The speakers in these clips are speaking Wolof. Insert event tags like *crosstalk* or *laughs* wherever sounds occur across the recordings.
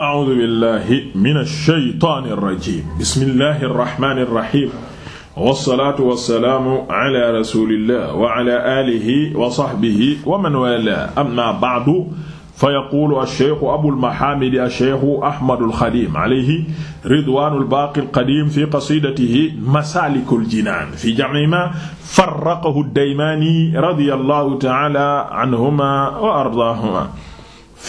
a'uudu billahi mina shaytaani rajiim bismillahi rahmaani rahiim wasalaatu wasalaamu ala rasulillah wa ala aalihi wa sahbihi wa man waalaahu amma ba'du fa yaquulu asheeku abul mahaamidi asheeku ahmadul xadiim alayhi ridwaanul baaqil qadiim fi qasiidatihi masaalikul jinaan fi jam'i maa farraqahu daymaani radiyallahu ta'aala anhumaa wa ardaahumaa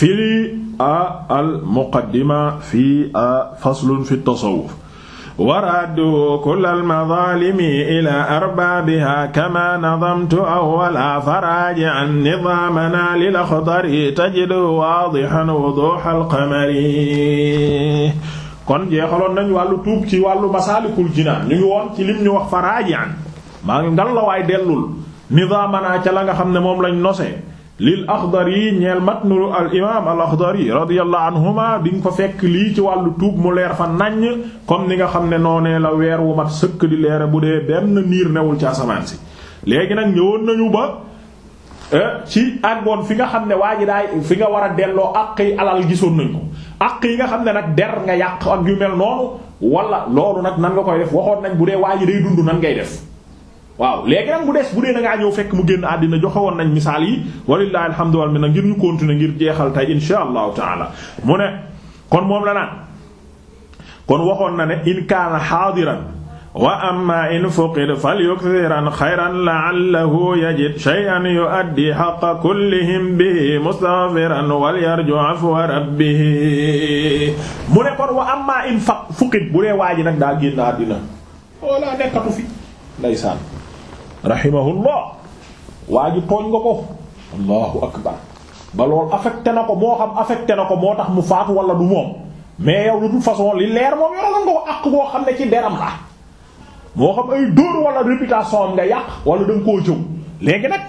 fii a al muqaddima fii a faslun fi tasawuf waraaddu kull al mazaalimi ilaa arbaabiha kamaa nadamtu awwala faraaji'an nizaamanaa lil axdari tajidu waadixan wuduuxal qamari kon jeexaloon nañu wàllu tuub ci wàllu masaalikul jinaan ñu ngi woon ci lim ñu wax faraaji'an maa ngi ngal la waay dellul nizaamanaa ca la nga xam ne moom lañ nosee lil yi ñeel matnu al imaam al Axdari radiyallahu anhuma di nga fa fekk lii ci wàllu tuub mu leer fa naññ comme ni nga xam ne noonee la weer wu mat sëkk di leere bu dee benn niir newul ci asamaan si léegi nag ñëwoon nañu ba eh, ci àggoon fi nga xam ne waa ji daay fi nga war a delloo àq yi alal gisoon nañu ko àq yi nga xam ne nag der nga yàq ak yu mel noonu wala loolu nag nan nga koy def waxoon nañ bu dee waa ji day dund nan ngay def waaw léegi nag mu des bu dee da ngaa fekk mu génn àddina joxe woon nañ misaal yi walillahi alhamdu wal minna ngir ñu continuer ngir jeexal tey insha allahu taala mu ne kon moom la kon waxoon na ne in kaana xaadiran wa amma in fuqid falyukthiran xayran la'allahu yajid shay'an yu'addi haqqa kullihim bihi mustaghfiran wal yarju afwa rabbih mu wa amma in fuqid rahimahullah waa ji tooñ nga ko allahu akbar ba loolu na ko moo xam affecté na ko moo tax mu faatu wala du moom mais yow de façon li leer moom yoraloon nga ko àq boo xam ne ci deram la moo xam ay dóor wala réputation am nga yàq wala da nga koo jëw léegi nag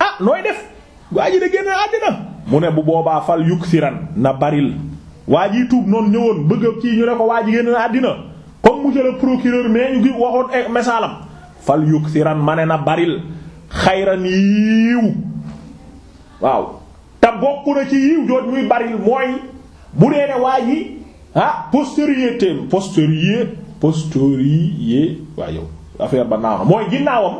ah nooy def waa ji da génn àddina mu ne bu boobaa fal yukk siran na baril waa ji tuub noonu ñëwoon bëgg ci ñu ne ko waa ji génn àddina comme monsieur le procureur mais ñu ngi waxoon ay fal yuksiran ma ne na baril xayran yiiw waaw te bokk na ci yiiw jooj muy baril mooy bu dee ne waa ji ah postériorité postérieur postérieur waa yow affaire ba na mooy ginnaawam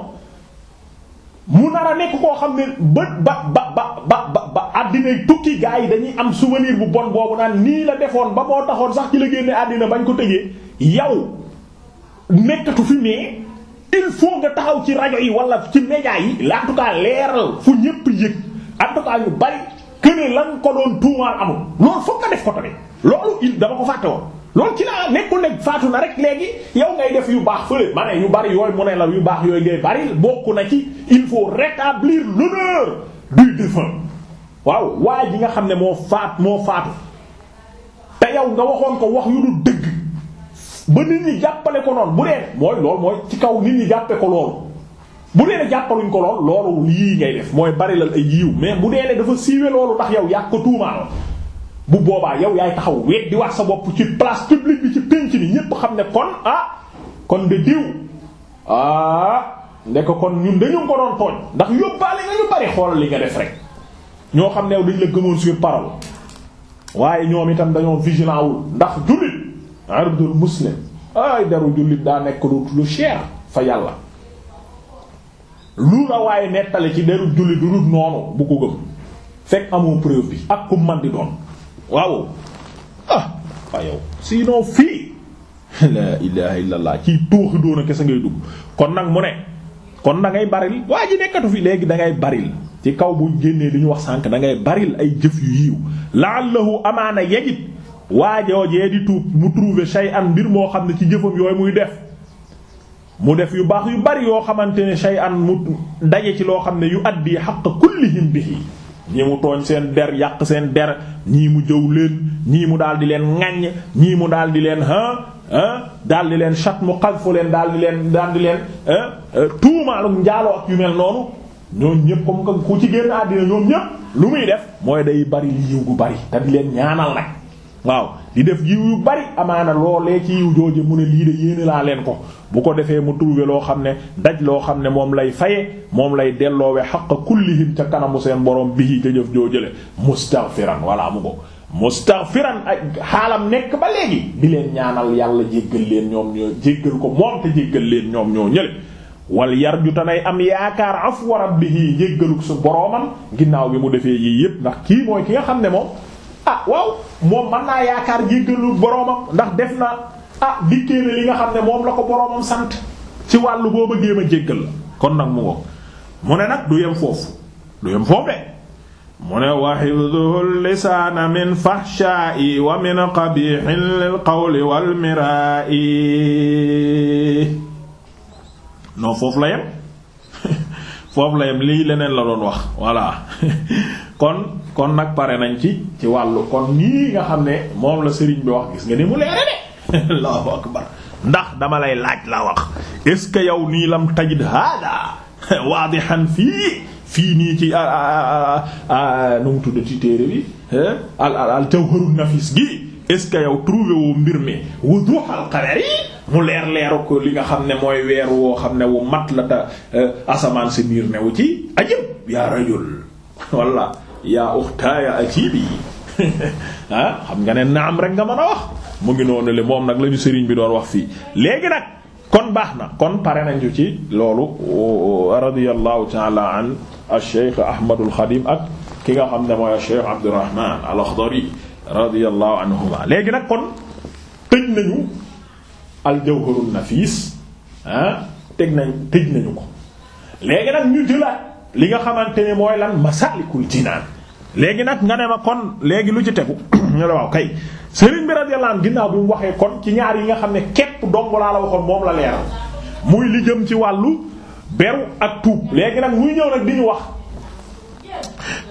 mu nar a nekk koo xam ne ba ba ba ba ba ba àddina tukki gaa yi dañuy am souvenir bu bon boobu naan nii la defoon ba moo taxoon sax ci la génne àddina bañ ko tëjee yow nekkatu fi mais il faut nga taxaw ci rajo yi wala ci média yi la en tout cas leeral fu ñépp yëg en yu bari këne lan ko doon tuumaal amul loolu foog nga def ko tamit loolu il dama ko fàtte woon loolu ci laa nekkul ne faatu na rek léegi yow ngay def yu baax fële ma yu bari yooyu mu ne la yu baax yooyu ngay bari bokk na ci il faut rétablir l'honneur du défunt waaw waa ji nga xam ne moo faat moo faatu te yow nga waxoon ko wax yu du dëgg ba nit ñi jàppale ko noonu bu dee mooy loolu mooy ci kaw nit ñi jàppe ko loolu bu dee ne jàppaluñ ko lool loolu lii ngay def mooy bari la ay yiw mais bu dee ne dafa siiwe loolu ndax yow yàq ko tuumaal bu boobaa yow yaay taxaw di wax sa bopp ci place publique bi ci pénc bi ñépp xam ne kon ah kon de diw ah ko kon ñun dañu ko doon tooñ ndax yóbbaale nga ñu bari xool li nga def rek ñoo xam ne dañ la gëmoon sur parole waaye ardul muslim ay deru jullit daa nekk lu cher fa yàlla lu la waaye nettali ci deru jullit lu dul noonu bu ko gëm fekk amoo preuve bi ak ku man doon waaw ah waa yow fii *laughs* la ilaha illallah ciy tooxi doon a kese ngay dugg kon nag mu ne kon da ngay baril waa ji nekkatu fi léegi dangay ngay baril ci kaw bu génnee li ñu wax sànk da ngay baril ay jëf yu yiiw laallahu amaana yajib waa waajoojee di tuub mu trouver shay'an mbir moo xam ne ci jëfam yooyu muy def mu def yu baax yu bari yoo xamante ne shay'an mu daje ci loo xam ne yu addi xaq kullihim bihi ñii mu tooñ seen der yàq seen der ñii mu jëw leen ñii mu daal di leen ŋaññ ñii mu daal di leen ah ah leen chat mu xalfu leen daal di leen daal di leen euh, tuumaalum njaaloo ak yu mel noonu ñoom ñëpp comme que ku ci génn àddina ñoom ñëpp lu muy def mooy day bari li bu gu bari te di leen ñaanal nag waaw di def yiw yu bari amaana loolee ci yiw jooje mu ne lii de yéene laa leen ko bu ko defee mu trouvé loo xam ne daj loo xam ne moom lay faye moom lay delloowe xaq kullihim ca kanamu seen borom bihi ca jëf joojale mustaghfiran walla mu ko mustaghfiran ak xaalam nekk ba léegi di leen ñaanal yàlla jéggal leen ñoom ñoo jéggal ko moom te jéggal leen ñoom ñoo ñële wal yarju tanay am yaakaar bi rabbihi jéggaluk su boromam ginnaaw bi mu defee yii yépp ndax kii mooy ki nga xam ne moom ah waaw moom mën naa yaakaar jéggalu boroomam ndax def na ah dikkee na li nga xam ne moom la ko boroomam sant ci wàllu boo bëggee a jéggal la kon nag mu ngo mu ne nag du yem foofu du yem foofu de mu ne wa hifdhuhu lisaana min fahshaa'i la yem *laughs* foofu lii leneen la doon wax voilà *laughs* kon kon nag pare nañ ci ci wàllu kon nii nga xam ne moom la sëriñ bi wax gis nga ni mu leere de *laughs* allahu akbar ndax dama lay laaj la wax est-ce que yow nii lam tajid hada *laughs* waadihan fii fii nii ci nu mu tudd ci téere bi al al jawharun nafis gi est-ce que yow trouvé woo mbir mi wuduhal qamari mu leer leeru ko li nga xam ne mooy weer woo xam ne wu mat la ta asamaan si niir newu ci ajib yaa rajul *laughs* walla yaa uxtaaya akiibi *laughs* ah xam nga ne naam rek nga mën a wax mu ngi noonu le moom nag la ñu sëriñ bi doon wax fii léegi nag kon baax na kon pare nañu ci loolu radiyallahu taala an ash-shaykh ahmadul xadim ak ki nga xam ne mooy ash-shaykh abdurrahman al-akhdari radiyallahu anhuma léegi nag kon tëj nañu al-jawharun nafis ah tëj nañ tëj nañu ko léegi nag ñu jëlaat li nga xamante ne mooy lan ma masalikul jinaan léegi nag nga ne ma kon léegi lu ci tegu *coughs* ñu la waaw kay sëriñ bi radiyallahu anhu ginnaaw mu waxee kon ci ñaar yi nga xam ne képp dong laa la waxoon moom la leeral muy li jëm ci wàllu beru ak tuub léegi nag muy ñëw nag di ñu wax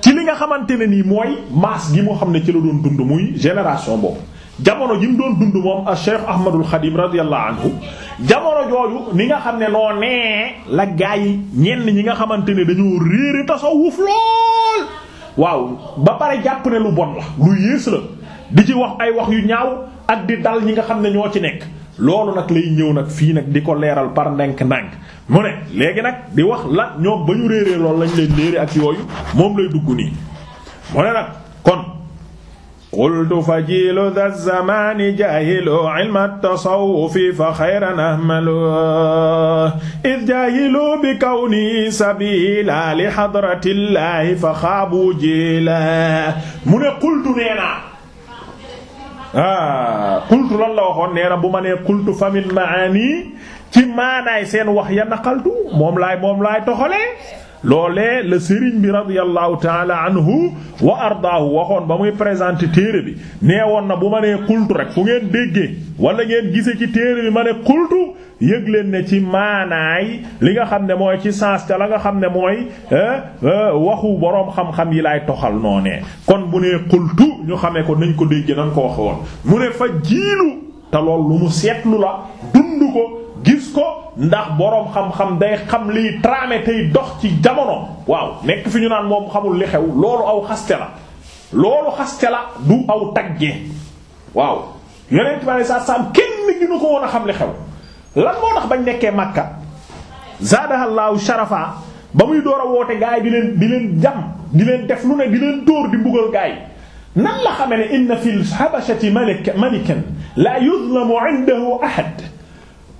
ci li nga xamante ne nii mooy maas gi moo xam ne ci la doon dund muy génération boobu jamono ji mu doon dund moom Cheikh Ahmadul Khadim radiyallahu anhu jamono jooju ni nga xam ne noo nee la gaa yi ñenn ñi nga xamante ne dañoo réere tasawuf lool waaw ba pare jàpp ne lu bon la lu yées la di ci wax ay wax yu ñaaw ak di dal ñi nga xam ne ñoo ci nekk loolu nag lay ñëw nag fii nag di ko leeral par ndànk-ndànk mu ne léegi nag di wax la ñoom ba ñu réeree loolu lañ leen léere ak yooyu moom lay dugg nii mu ne nag qultu fa jiilu da zamaani jaahilu ilma tasawufi fa xayran ahmalu id jaahilu bi kawni sabila li xadratillahi fa xaabu jiila mu ne qultu nee naa ah qultu lan la waxoon nee na bu ma nee qultu fa min maani ci maanaay seen wax ya naqaltu moom laay moom laay toxalee loolee la sëriñ bi radiyallahu taala anhu wa ardaahu waxoon ba muy présenter téere bi nee woon na bu ma nee xultu rek fu ngeen déggee wala ngeen gise ci téere bi ma ne xultu yëg leen ne ci maanaay li nga xam ne mooy ci sens te la nga xam ne mooy eh, eh, waxu boroom xam-xam yi laay toxal noonee kon bu nee xultu ñu xamee ko nañ ko déggee nañ ko waxe woon mu ne fa jiilu te lool lu mu seetlu la dund ko ko ndax boroom xam-xam day xam liy trame tey dox ci jamono waaw nekk fi ñu naan moom xamul li xew loolu aw xaste la loolu xaste la du aw tagge waaw yonent bi alayhi salaam kenn gi nu ko woon a xam li xew lan moo tax bañ nekkee Makka zaadahallaahu sharafa ba muy door a woote gaay di leen di leen di leen def lu ne di leen dóor di mbugal gaay nan la xamee ne inna fil habashati malikan la yuzlamu indahu ahad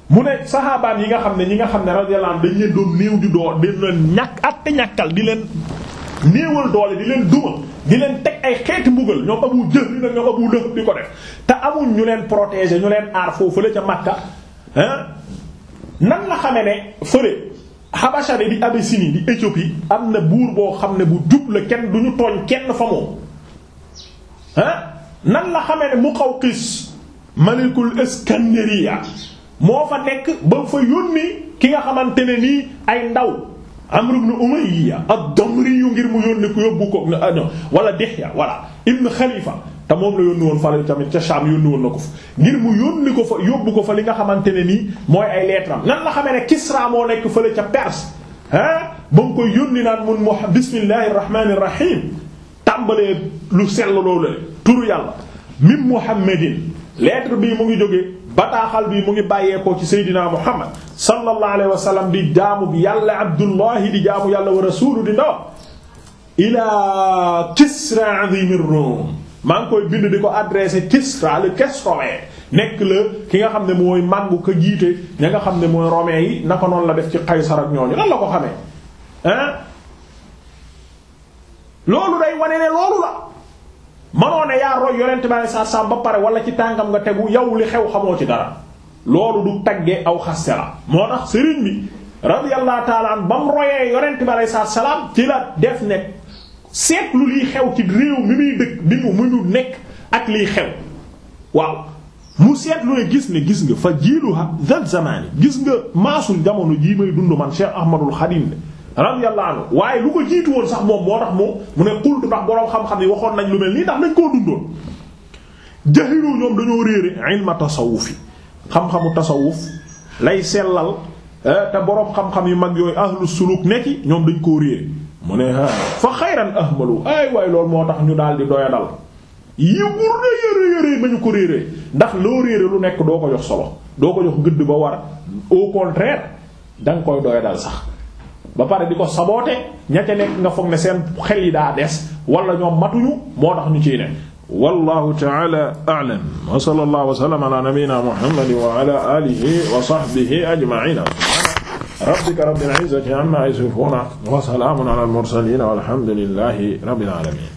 mu ne saxaabaan yi nga xam ne ñi nga xam ne radiyallahu anhu dañ leen doon néew di doo di leen ñàkk atte ñàkkal di leen néewal doole di leen duma di leen teg ay xeeti mbugal ñoom abu jël li nag ñoom abu lëxëb di ko def te amuñ ñu leen protéger ñu leen aar foofu la ca Makka ah nan la xame ne fële Habasha di Abyssinie di Éthiopie am na buur boo xam ne bu jub la kenn du ñu tooñ kenn fa moom ah nan la xame ne Muqawqis malikul Iskandariya moo fa nekk ba fa yónni ki nga xamante ne nii ay ndaw Amr ibn Umayya ad-Damri yu ngir mu yónni ko yóbbu ko ah, wala Dihya wala ibn Khalifa te moom la yónni woon fale tamit ca Sham yónni na ko fa ko fa yóbbu ko fa li nga xamante ne nii mooy ay lettre am nan la xamee ne Kisra moo nekk fële ca Perse ah ba nga koy yónni naan mun mo bismillahir rahmanir rahim tàmbalee lu sell loolu turu yàlla min Muhammadin lettre bii mu ngi jógee bataaxal bii mu ngi bàyyeekoo ci seydinaa muhammad sallallahu alayhi wa sallam di jaamu yàlla abdullahi di jaamu yàlla wa rasuulu di ndaw ilaa kisra azimir rum maa ngi koy bind di ko adressé kisra le kesrowe nekk la ki nga xam ne mooy màngu ko jiite ña nga xam ne mooy romain yi naka noonu la def ci qaysar ak ñooñu lan la ko xamee loolu day wane ne loolu la manoo ne yaa roy yonent ba ne saa saa ba pare wala ci tàngam nga tegu yow li xew xamoo ci dara loolu du taggee aw xaste la moo tax sëriñ bi radiyallahu ta'ala an ba mu royee yonent bi aleyhi salaatu salaam ci la def ne seetlu liy xew ci réew mi muy dëkk bi mu mu ñu nekk ak liy xew waaw mu seetlu ne gis ne gis nga fa jiilu ha zal zamaani gis nga maasul jamono jii may dund man Cheikh Ahmadul Xadim radiyallahu anhu waaye lu ko jiitu woon sax moom moo tax mu ne xultu ndax boroom xam-xam yi waxoon nañ lu mel nii ndax nañ koo dundoon jaxilu ñoom dañoo réere ilma tasawuf yi xam-xamu tasawuf lay eh, te boroom xam-xam yu mag yooyu ahlu suluk ñoom dañ koo réere mu ne a fa xayran ahmalu ay waay moo tax ñu daal di doyadal yi wur na yëre yëree ba ñu ko réeree ndax loo réere lu nekk doo ko jox solo doo ko jox gëdd ba war au contraire danga koy doyadal sax ba pare di ko saboote ña ca nekk nga foog ne seen xel yi daa des wala ñoom matuñu moo tax ñu ciy ne wallahu ta'ala a'lam wa sallallahu wa sallama ala nabiyyina muhammadin wa ala alihi wa sahbihi ajma'in rabbika rabbil izzati amma yasifun wa salamun ala al mursalin walhamdulillahi rabbil alamin